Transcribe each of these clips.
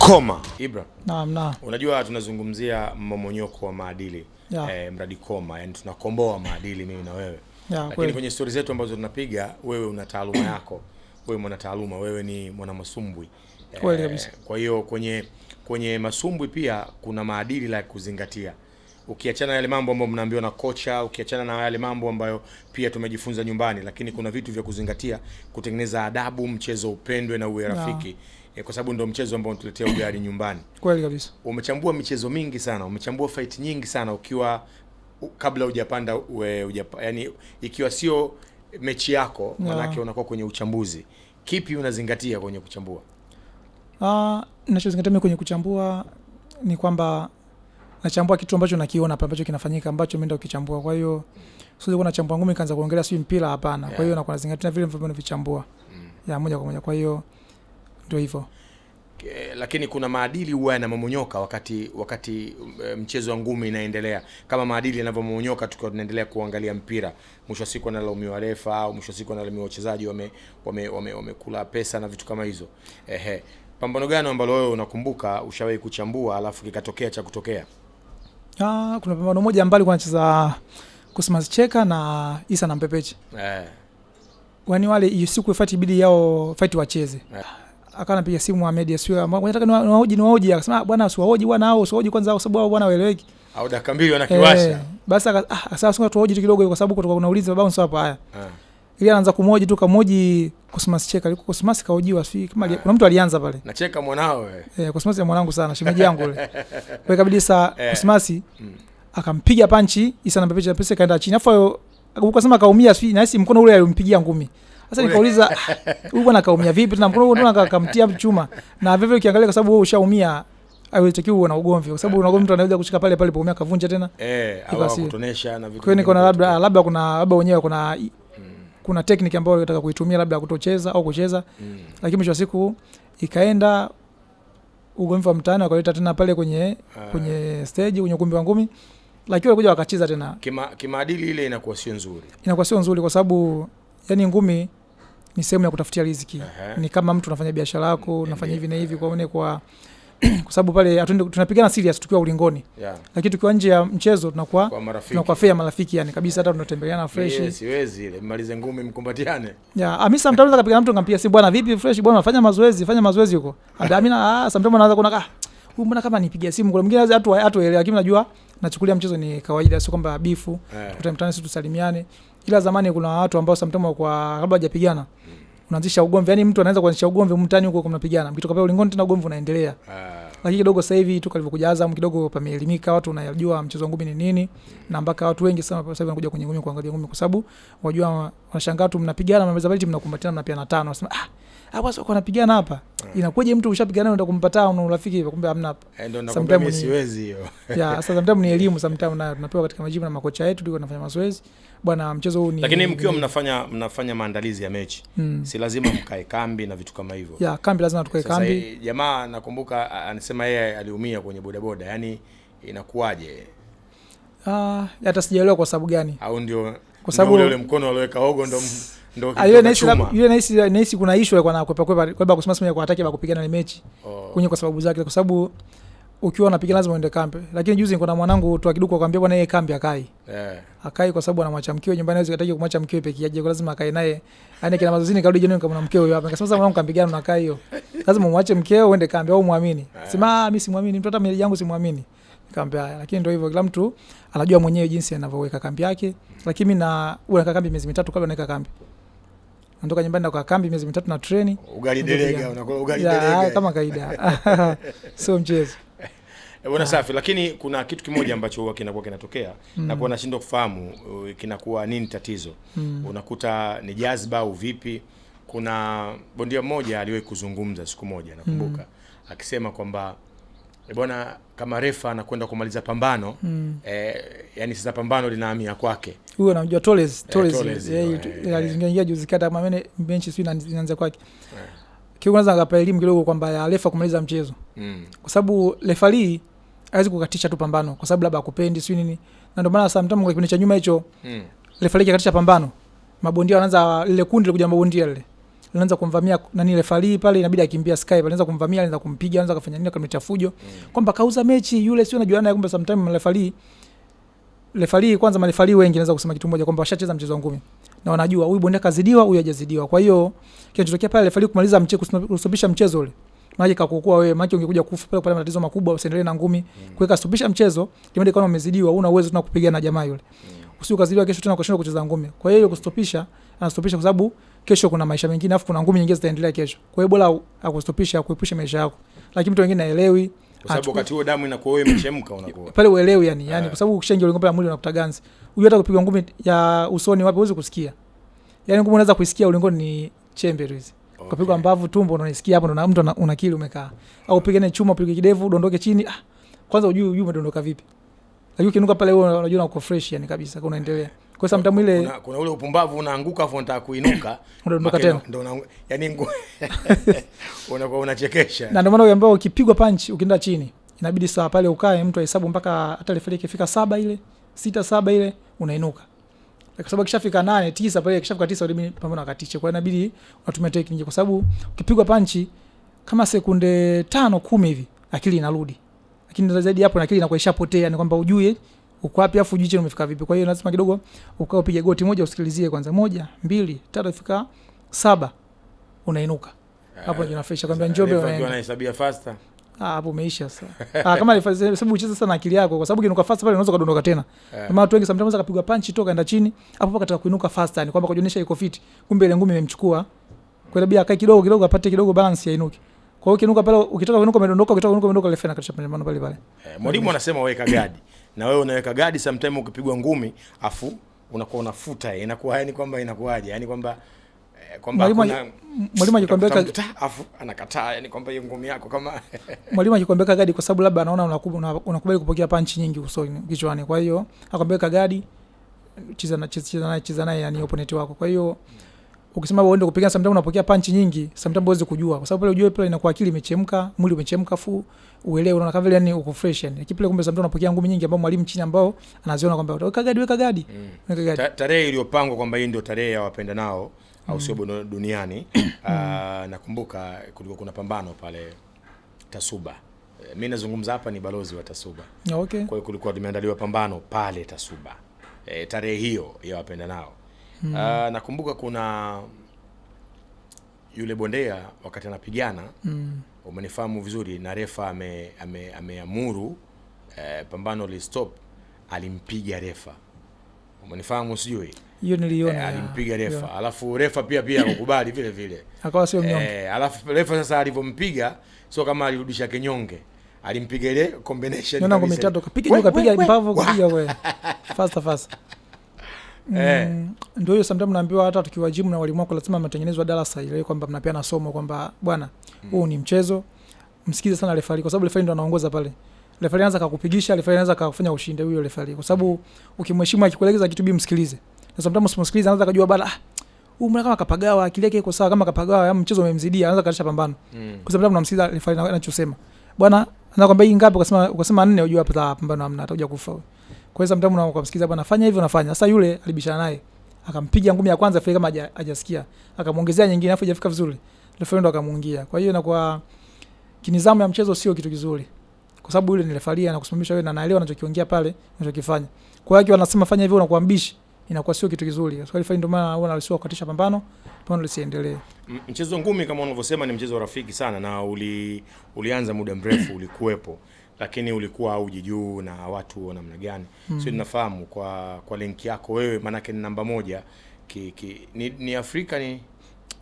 Koma Ibra. Naam, na. Unajua tunazungumzia mmomonyoko wa maadili yeah. E, mradi Koma, yani tunakomboa maadili mimi na wewe yeah, lakini Kwenye stori zetu ambazo tunapiga, wewe una taaluma yako, wewe mwanataaluma, wewe ni mwanamasumbwi e, eh, kwa hiyo kwenye kwenye masumbwi pia kuna maadili la kuzingatia ukiachana yale mambo ambayo mnaambiwa na kocha, ukiachana na yale mambo ambayo pia tumejifunza nyumbani, lakini kuna vitu vya kuzingatia, kutengeneza adabu, mchezo upendwe na uwe rafiki yeah e, kwa sababu ndo mchezo ambao unatuletea ugali nyumbani. Kweli kabisa. Umechambua michezo mingi sana, umechambua fight nyingi sana ukiwa u, kabla hujapanda hujapa, yani ikiwa sio mechi yako yeah. Manake unakuwa kwenye uchambuzi, kipi unazingatia kwenye kuchambua? Uh, ah, nachozingatia mimi kwenye kuchambua ni kwamba nachambua kitu ambacho nakiona hapa ambacho kinafanyika ambacho mimi ndio kichambua. Kwa hiyo sio kuwa nachambua ngumi kaanza kuongelea sio mpira hapana. Kwa hiyo yeah. nakuwa nazingatia vile ambavyo navichambua. Mm. Ya moja kwa moja. Kwa hiyo ndio hivyo lakini kuna maadili huwa yanamomonyoka wakati wakati eh, mchezo wa ngumi inaendelea, kama maadili yanavyomomonyoka tukiwa tunaendelea kuangalia mpira. Mwisho wa siku analaumiwa refa au mwisho wa siku analaumiwa wachezaji wamekula wame, wame, pesa na vitu kama hizo. Ehe, pambano gani ambalo wewe unakumbuka ushawahi kuchambua alafu kikatokea cha kutokea? Ah, kuna pambano moja ambalo kwa anacheza Cosmas Cheka na Isa na Mpepeche eh, wani wale hiyo siku fight bidii yao fight wacheze eh akawa anapiga simu Mohamed Asiwa nataka niwahoji niwahoji, akasema ah, bwana, bwana, kwanza, kwa sababu bwana waeleweki, au dakika mbili wanakiwasha. Eh, basi ah, sasa tuwahoji tu kidogo, kwa sababu kutoka hapa haya, ah. ili anaanza kumhoji tu, kamhoji Cosmas Cheka, alikuwa Cosmas kahojiwa, kama kuna mtu alianza pale na Cheka mwanao eh, Cosmas ya mwanangu sana, shemeji yangu yule, kwa saa eh. Cosmas mm. akampiga panchi isa na pepecha pesa kaenda chini, afu akasema kaumia, sio na mkono ule alimpigia ngumi sasa nikauliza huyu bwana kaumia vipi? mkono chuma. Na vivyo ukiangalia kwa sababu wewe ushaumia uwe na ugomvi kwa sababu mtu anaweza kushika pale pale tena. Eh, Kwa hiyo labda labda kuna labda wenyewe kuna hmm. kuna ambayo kuitumia labda kutocheza au kucheza. Hmm. Lakini mwisho wa siku ikaenda ugomvi wa mtaani wakaleta tena pale kwenye ah. kwenye stage kwenye ukumbi wa ngumi lakini walikuja wakacheza tena. Kima, ile inakuwa sio nzuri, inakuwa sio nzuri kwa sababu yani ngumi ni sehemu ya kutafutia riziki. uh -huh. Ni kama mtu unafanya biashara yako unafanya hivi na hivi kwa one kwa kwa sababu pale tunapigana serious tukiwa ulingoni yeah. Lakini tukiwa nje ya mchezo tunakuwa tunakuwa fair marafiki yani kabisa, hata yeah. tunatembeleana fresh. Yes, siwezi ile malize ngumi mkumbatiane. Yeah, Amisa ah, sometimes anaweza kapiga mtu ngampia si bwana vipi fresh, bwana fanya mazoezi, fanya mazoezi huko. mimi na ah, sometimes anaanza kuona ah, huyu mbona kama nipigia simu, kuna mwingine hata hatu elewa, lakini najua nachukulia mchezo ni kawaida, sio kwamba bifu yeah. Tukutane sisi tusalimiane, ila zamani kuna watu ambao sometimes kwa labda hajapigana unaanzisha ugomvi, yani mtu anaanza kuanzisha ugomvi mtani huko, mnapigana mkitoka pale ulingoni tena ugomvi unaendelea yeah. Lakini kidogo sasa hivi tu kalivyokuja Azam kidogo pameelimika, watu wanajua mchezo wa ngumi ni nini, na mpaka watu wengi sana sasa hivi wanakuja kwenye ngumi kuangalia ngumi, kwa sababu wajua, wanashangaa tu mnapigana, mnaweza bali mnakumbatiana, mnapiana tano, wanasema ah hawa ah, wanapigana hapa mm. mtu ushapigana unaenda kumpa na urafiki hivi, kumbe amna hapa. Eh, ndio nakwambia siwezi hiyo ya sasa. Sometimes ni elimu, sometimes na tunapewa katika majibu na makocha yetu, tulikuwa tunafanya mazoezi bwana, mchezo huu ni. Lakini mkiwa mnafanya mnafanya maandalizi ya mechi mm. si lazima mkae kambi na vitu kama hivyo ya kambi, lazima tukae kambi. Jamaa nakumbuka anasema yeye aliumia kwenye bodaboda, yani inakuwaje? Ah, uh, hata sijaelewa kwa sababu gani, au ndio kwa sababu ule mkono alioweka hogo ndo Ah, nahisi kuna ishu kwa ataki bakupigana ni mechi oh. kunye kwa sababu zake, kwa sababu ukiwa unapigana lazima uende kampe. Lakini juzi kuna mwanangu tu akiduka akamwambia bwana, yeye kambi akai yeah. akai, kwa sababu anamwacha mkiwe nyumbani, hawezi kataki kumwacha mkiwe peke yake, lazima akae naye. Yani kina mazozini, karudi jioni, nikamwona mkeo hapa, akasema sasa mwanangu kampigana na akai hiyo, lazima umwache mkeo uende kambi au muamini? yeah. Sema ah, mimi simwamini mtu, hata mimi yangu simwamini kambi haya, lakini ndio hivyo, kila mtu anajua mwenyewe jinsi anavyoweka kambi yake. Mm. Lakini mimi na unaweka kambi miezi mitatu kabla naweka kambi natoka nyumbani nakaa kambi miezi mitatu na treni ugali delega, unakula ugali delega kama kaida sio mchezo bwana. Safi, lakini kuna kitu kimoja ambacho huwa kinakuwa kinatokea mm. na kuwa nashindwa kufahamu uh, kinakuwa nini tatizo mm. unakuta ni jazba au vipi? Kuna bondia mmoja aliwahi kuzungumza siku moja nakumbuka mm. akisema kwamba e bwana, kama refa anakwenda kumaliza pambano mm. E, yani sasa pambano linahamia kwake huyo, anajua eh, Torres, Torres aliingia juzi kata mamene benchi sio inaanza kwake eh. Kiu kwanza elimu kidogo kwamba ya refa kumaliza mchezo mm. kwa sababu refari hawezi kukatisha tu pambano kwa sababu labda akupendi sio nini, na ndio maana sometimes kwa kipindi cha nyuma hicho mm. refari kakatisha pambano, mabondia wanaanza lile kundi la mabondia lile alianza kumvamia nani refali pale, inabidi akimbia Sky pale, alianza kumvamia, alianza kumpiga, alianza kufanya nini, akamletea fujo mm. kwamba kauza mechi yule, sio naye, kumbe sometimes refali refali, kwanza marefali wengi naweza kusema kitu moja kwamba washacheza mchezo wa ngumi na wanajua huyu bondia kazidiwa, huyu hajazidiwa. Kwa hiyo kinachotokea pale refali kumaliza mchezo, kusubisha mchezo ule maji kakuokoa wewe, maji ungekuja kufa pale, kupata matatizo makubwa, usiendelee na ngumi. Mm. Kuweka subisha mchezo, kimwende kama umezidiwa, una uwezo tuna kupigana na jamaa yule mm usije ukaziliwa kesho tena ukashindwa kucheza ngumi. Kwa hiyo kustopisha, anastopisha kwa sababu kesho kuna maisha mengine, afu kuna ngumi nyingine zitaendelea kesho. Kwa hiyo bora akustopisha, kuepusha maisha yako, lakini mtu wengine haelewi kwa sababu wakati huo damu inakuwa wewe imechemka, unakuwa pale uelewi, yani yani, kwa sababu ukishaingia ulingo pale mwili unakuta ganzi. Huyo hata kupiga ngumi ya usoni wapi huwezi kusikia, yani ngumi unaweza kusikia ulingo ni chembe tu hizi okay. Kupigwa mbavu tumbo unaisikia hapo, na mtu una akili umekaa, au pigane chuma, pige kidevu, dondoke chini. Ah, kwanza ujui ujui umedondoka vipi? Lakini ukiinuka pale wewe unajua uko fresh yani kabisa, kwa unaendelea. Kwa sababu mtamu ile kuna, kuna ule upumbavu unaanguka afu unataka kuinuka. Unadondoka tena. Ndio una yani unakuwa unachekesha. Na ndio maana ukiambiwa ukipigwa punch ukienda chini, inabidi saa pale ukae mtu ahesabu mpaka hata referee ikifika saba ile, sita saba ile unainuka. Kwa sababu kishafika nane, tisa pale kishafika tisa ulimi pamoja na katiche. Kwa hiyo inabidi unatumia technique kwa sababu ukipigwa punch kama sekunde tano kumi hivi akili inarudi lakini zaidi hapo na akili inakuwa ishapotea, ni kwamba ujue uko wapi afu ujue umefika vipi. Kwa hiyo lazima kidogo ukao upige goti moja, usikilizie kwanza, moja mbili tatu, ifika saba, unainuka eh, hapo, ndio nafresha kwambia Njombe, unahesabia faster Ah, hapo umeisha sasa. Ah, kama sababu ucheze sana akili yako kwa sababu kinuka fast pale unaweza kudondoka tena. Yeah. Maana watu wengi sometimes akapigwa punch toka enda chini, hapo akataka kuinuka fast yani kwamba kujionyesha iko fit. Kumbe ile ngumi imemchukua. Kwa sababu akae kidogo kidogo apate kidogo balance ya inuke. Kwa hiyo ukinuka pale, ukitoka kunuka umedondoka, ukitoka kunuka umedondoka, refa anakatisha maandamano pale pale. Eh, mwalimu anasema weka gadi na wewe unaweka gadi, sometime ukipigwa ngumi afu unakuwa unafuta, inakuwa yani kwamba inakuwaje, yani kwamba eh, kwamba kuna mwalimu akikwambia weka afu anakataa, yani kwamba hiyo ngumi yako kama mwalimu akikwambia weka gadi, kwa sababu labda anaona unakubali kupokea panchi nyingi usoni kichwani, kwa hiyo akwambia weka gadi, cheza na cheza na cheza naye yani opponent wako, kwa hiyo mm ukisema uende kupigana, sometimes unapokea panchi nyingi, sometimes uweze kujua, kwa sababu pale ujue pale inakuwa akili imechemka, mwili umechemka, fu uelewe, unaona kama vile yani uko fresh yani, lakini pale kumbe sometimes unapokea ngumi nyingi, ambao mwalimu chini ambao anaziona kwamba weka oh, gadi, weka gadi, mm. weka gadi. Tarehe iliyopangwa kwamba hii ndio tarehe ya wapenda nao au mm. sio duniani. uh, Nakumbuka kulikuwa kuna pambano pale Tasuba. Mimi eh, nazungumza hapa ni balozi wa Tasuba. Okay. Kwa hiyo kulikuwa limeandaliwa pambano pale Tasuba. E, tarehe hiyo ya wapenda nao Mm. Uh, nakumbuka kuna yule bondea wakati anapigana mm. Umenifahamu vizuri na refa ameamuru ame, ame eh, pambano li stop, alimpiga refa. Umenifahamu sijui hiyo niliona eh, alimpiga refa yeah. Alafu refa pia pia akukubali vile vile akawa sio mnyonge eh, alafu refa sasa alivyompiga sio kama alirudisha kinyonge, alimpiga ile combination na ngumi tatu kapiga kapiga mbavu kupiga wewe fast fast Mm, eh. ndio hiyo sometimes naambiwa hata tukiwa gym na walimu wako lazima mnatengenezwa darasa ile kwamba mnapea na somo kwamba bwana, mm. huu mm. ni mchezo, msikize sana refari kwa sababu refari ndo anaongoza pale. Refari anaanza kukupigisha, refari anaanza kukufanya ushinde huyo refari kwa sababu ukimheshimu akikuelekeza kitu bi msikilize. Na sometimes msikilize anaanza kujua bala ah, huyu kama kapagawa akili yake iko sawa, kama kapagawa ya yaani mchezo umemzidia anaanza katisha pambano. Mm. Kwa sababu namsikiza refari anachosema. Bwana, anakwambia hii ngapi, ukasema ukasema nne, unajua hapa pambano hamna, atakuja kufa. Kwa hiyo sometimes unamsikiza bwana fanya hivyo unafanya. Sasa yule alibishana naye. Akampiga ngumi ya kwanza fika kama hajasikia. Akamwongezea nyingine afu hajafika vizuri. Referee ndo akamuingia. Kwa hiyo inakuwa kinizamu ya mchezo sio kitu kizuri. Kwa sababu yule ni referee anakusimamisha wewe na anaelewa anachokiongea pale, anachokifanya. Kwa hiyo akiwa anasema fanya hivyo unakuwa mbishi, inakuwa sio kitu kizuri. Kwa hiyo referee ndio maana huwa anaruhusiwa kukatisha pambano, pambano lisiendelee. Mchezo ngumi kama unavyosema ni mchezo rafiki sana na uli, ulianza muda mrefu ulikuwepo lakini ulikuwa auji juu na watu wa namna gani? mm. Sio tunafahamu kwa kwa link yako wewe, maanake ni namba moja ki, ki, ni, ni Afrika ni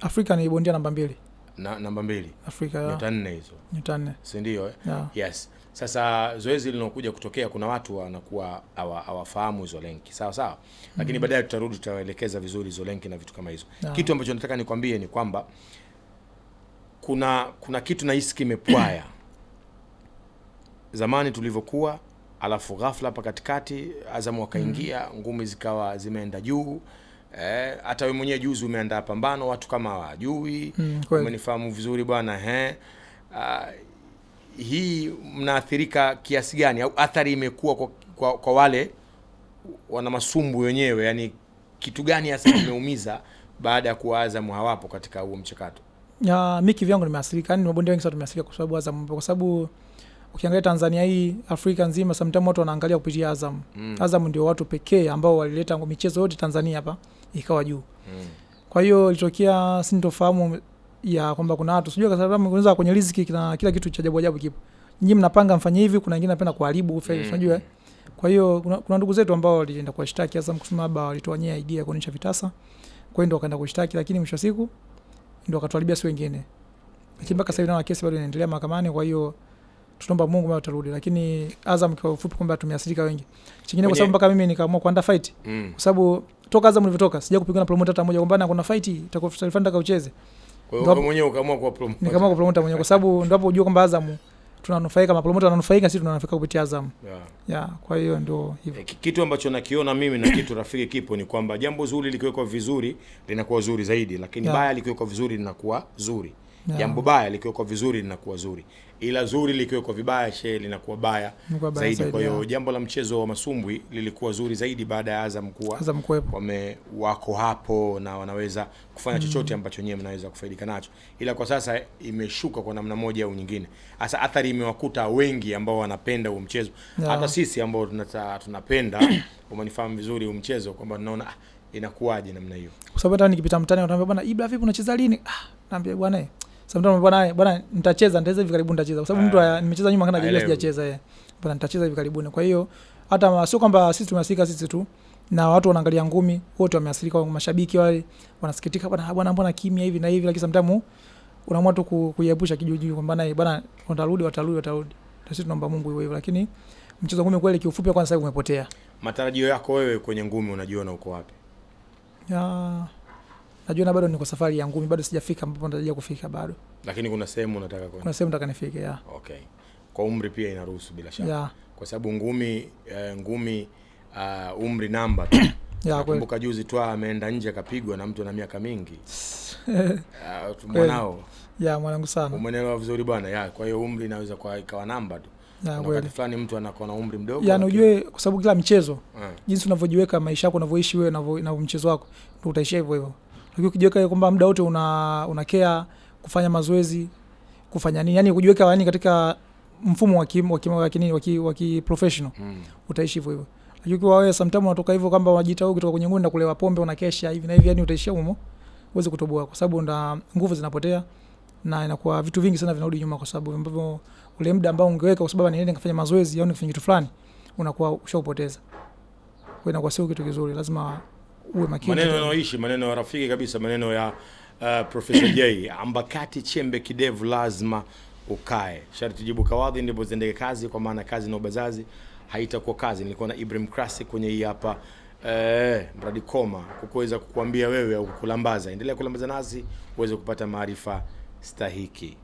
Afrika ni bondia namba mbili na, namba mbili Afrika nyota nne hizo nyota nne si ndio eh? yeah. Yes. Sasa zoezi linokuja kutokea, kuna watu wanakuwa hawafahamu hizo lenki sawa sawa, lakini mm. baadaye tutarudi tutaelekeza vizuri hizo lenki na vitu kama hizo yeah. Kitu ambacho nataka nikwambie ni kwamba kuna kuna kitu nahisi kimepwaya zamani tulivyokuwa, alafu ghafla hapa katikati Azam wakaingia, mm. Mm-hmm. ngumi zikawa zimeenda juu eh, hata eh, we mwenyewe juzi umeandaa pambano, watu kama wajui mm, umenifahamu vizuri bwana he. Uh, ah, hii mnaathirika kiasi gani au athari imekuwa kwa, kwa, kwa wale wana masumbu wenyewe, yani kitu gani hasa kimeumiza baada ya kuwa Azam hawapo katika huo mchakato? Uh, ah, mi kivyangu nimeathirika, yani mabondia wengi sana tumeathirika kwa sababu Azam, kwa sababu ukiangalia Tanzania hii, Afrika nzima, samtam watu wanaangalia kupitia Azam. Mm. Azam ndio watu pekee ambao walileta michezo yote Tanzania hapa ikawa juu. Mm. Kwa hiyo ilitokea sintofahamu ya kwamba kuna watu sijua kwa kwenye riziki na kila kitu cha jabu ajabu kipo. nyi mnapanga mfanye hivi, kuna wengine napenda kuharibu mm. unajua. Kwa hiyo kuna, kuna ndugu zetu ambao walienda kuwashtaki Azam kusema labda walitoanyia nyia idea ya kuonyesha vitasa. Kwa hiyo ndio wakaenda kushtaki, lakini mwisho wa siku ndo wakatuharibia si wengine. Lakini mpaka sasa hivi naona kesi bado inaendelea mahakamani, kwa hiyo tunaomba Mungu mara tutarudi, lakini Azam kwa ufupi kwamba tumeathirika wengi. Chingine kwa sababu mpaka mimi nikaamua kuanda fight mm. kwa sababu toka Azam nilivyotoka sija kupigana promoter hata mmoja kwamba kuna fight itakofuata ucheze. Kwa hiyo wewe mwenyewe ukaamua kwa promoter, nikaamua kwa promoter mwenyewe kwa sababu ndio hapo ujue kwamba Azam tunanufaika, mapromoter wananufaika, sisi tunanufaika kupitia Azam yeah. yeah, kwa hiyo ndio hivyo. Eh, kitu ambacho nakiona mimi na kitu rafiki kipo ni kwamba jambo zuri likiwekwa vizuri linakuwa zuri zaidi, lakini yeah. baya likiwekwa vizuri linakuwa zuri Jambo baya likiwekwa vizuri linakuwa zuri, ila zuri likiwekwa vibaya she linakuwa baya zaidi. Kwa hiyo jambo la mchezo wa masumbwi lilikuwa zuri zaidi baada ya Azam kuwa wame wako hapo na wanaweza kufanya mm, chochote ambacho nyewe mnaweza kufaidika nacho, ila kwa sasa imeshuka kwa namna moja au nyingine. Hasa athari imewakuta wengi ambao wanapenda huo mchezo, hata sisi ambao tunata, tunapenda umenifahamu vizuri huo mchezo kwamba tunaona ah, inakuwaje namna hiyo, kwa sababu hata nikipita mtaani wanaambia bwana Ibra, vipi unacheza lini? Ah, naambia bwana sometimes bwana nitacheza nitacheza hivi karibuni nitacheza, kwa sababu mtu ah. nimecheza nyuma kana sijacheza yeye eh. bwana, nitacheza hivi karibuni. Kwa hiyo hata sio kwamba sisi tumeasirika sisi tu na watu wanaangalia ngumi wote wameasirika, mashabiki wale wanasikitika, bwana bwana, mbona kimya hivi na hivi, lakini sometimes unaamua tu kuiepusha kwamba bwana, watarudi watarudi watarudi, na sisi tunaomba Mungu hivyo, lakini mchezo ngumi kweli, kiufupi, kwanza sasa umepotea. Matarajio yako wewe kwenye ngumi unajiona uko wapi? ya najiona bado niko safari ya ngumi, bado sijafika ambapo natarajia kufika bado, lakini kuna sehemu unataka kwenda, kuna sehemu nataka nifike. Yeah. Okay, kwa umri pia inaruhusu bila shaka. Yeah. kwa sababu ngumi uh, ngumi uh, umri namba tu Nakumbuka juzi twa ameenda nje akapigwa na mtu na miaka mingi uh, mwanao ya mwanangu sana, umeelewa vizuri bwana ya. Kwa hiyo umri inaweza kwa ikawa namba tu, na wakati fulani mtu anakuwa na umri mdogo ya, unajue kwa sababu kila mchezo uh, jinsi unavyojiweka maisha yako unavyoishi wewe na mchezo wako ndio utaishia hivyo hivyo. Lakini ukijiweka kwamba muda wote una una care kufanya mazoezi, kufanya nini? yani kujiweka yani katika mfumo wa kim wa kim wa kinini wa ki, wa ki professional. Mm. Utaishi hivyo hivyo. Lakini ukiwa wewe sometimes unatoka hivyo kwamba unajita wewe kutoka kwenye nguni na kulewa pombe unakesha hivi na hivi, yani utaishia humo. Uweze kutoboa kwa sababu na nguvu zinapotea na inakuwa vitu vingi sana vinarudi nyuma kwa sababu ambavyo ule muda ambao ungeweka kwa sababu niende nikafanya mazoezi au nikafanya kitu fulani unakuwa ushaupoteza. Kwa hiyo inakuwa sio kitu kizuri, lazima uwe makini. Maneno yanayoishi, maneno ya rafiki kabisa, maneno ya uh, Profesa J ambakati chembe kidevu, lazima ukae sharti jibu kawadhi, ndipo ziendeke kazi, kwa maana kazi na ubazazi haitakuwa kazi. Nilikuwa na Ibrahim Krasi kwenye hii hapa eh, mradi koma, kukuweza kukuambia wewe au kukulambaza. Endelea kulambaza nasi uweze kupata maarifa stahiki.